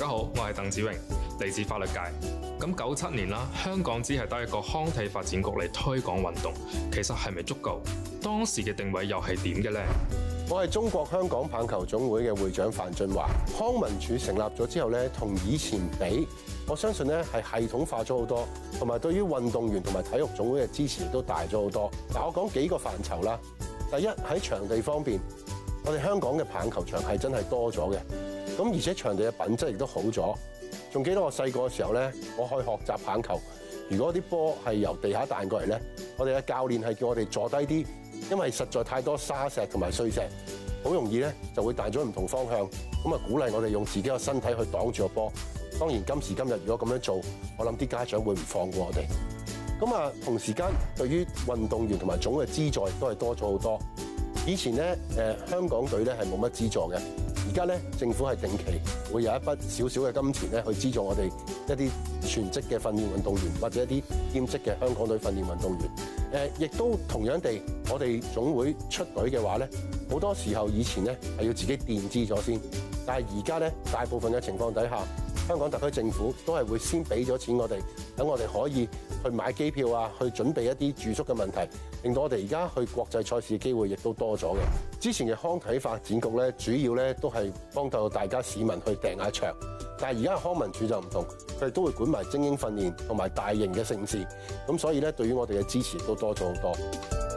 大家好，我係鄧子榮，嚟自法律界。咁九七年啦，香港只係得一個康體發展局嚟推廣運動，其實係咪足夠？當時嘅定位又係點嘅咧？我係中國香港棒球總會嘅會長范駿華。康文署成立咗之後咧，同以前比，我相信咧係系統化咗好多，同埋對於運動員同埋體育總會嘅支持都大咗好多。嗱，我講幾個範疇啦。第一喺場地方面，我哋香港嘅棒球場係真係多咗嘅。咁而且場地嘅品質亦都好咗，仲記得我細個嘅時候咧，我可以學習棒球。如果啲波係由地下彈過嚟咧，我哋嘅教練係叫我哋坐低啲，因為實在太多沙石同埋碎石，好容易咧就會彈咗唔同方向。咁啊，鼓勵我哋用自己嘅身體去擋住個波。當然今時今日如果咁樣做，我諗啲家長會唔放過我哋。咁啊，同時間對於運動員同埋總嘅資助都係多咗好多。以前咧誒、呃、香港隊咧係冇乜資助嘅。而家咧，政府係定期會有一筆少少嘅金錢咧，去資助我哋一啲全職嘅訓練運動員，或者一啲兼職嘅香港隊訓練運動員。誒，亦都同樣地，我哋總會出隊嘅話咧，好多時候以前咧係要自己墊資咗先，但係而家咧大部分嘅情況底下，香港特區政府都係會先俾咗錢我哋，等我哋可以去買機票啊，去準備一啲住宿嘅問題，令到我哋而家去國際賽事嘅機會亦都多咗嘅。之前嘅康體發展局咧，主要咧都係幫到大家市民去訂一下場，但係而家康文署就唔同，佢哋都會管埋精英訓練同埋大型嘅盛事，咁所以咧對於我哋嘅支持都多咗好多。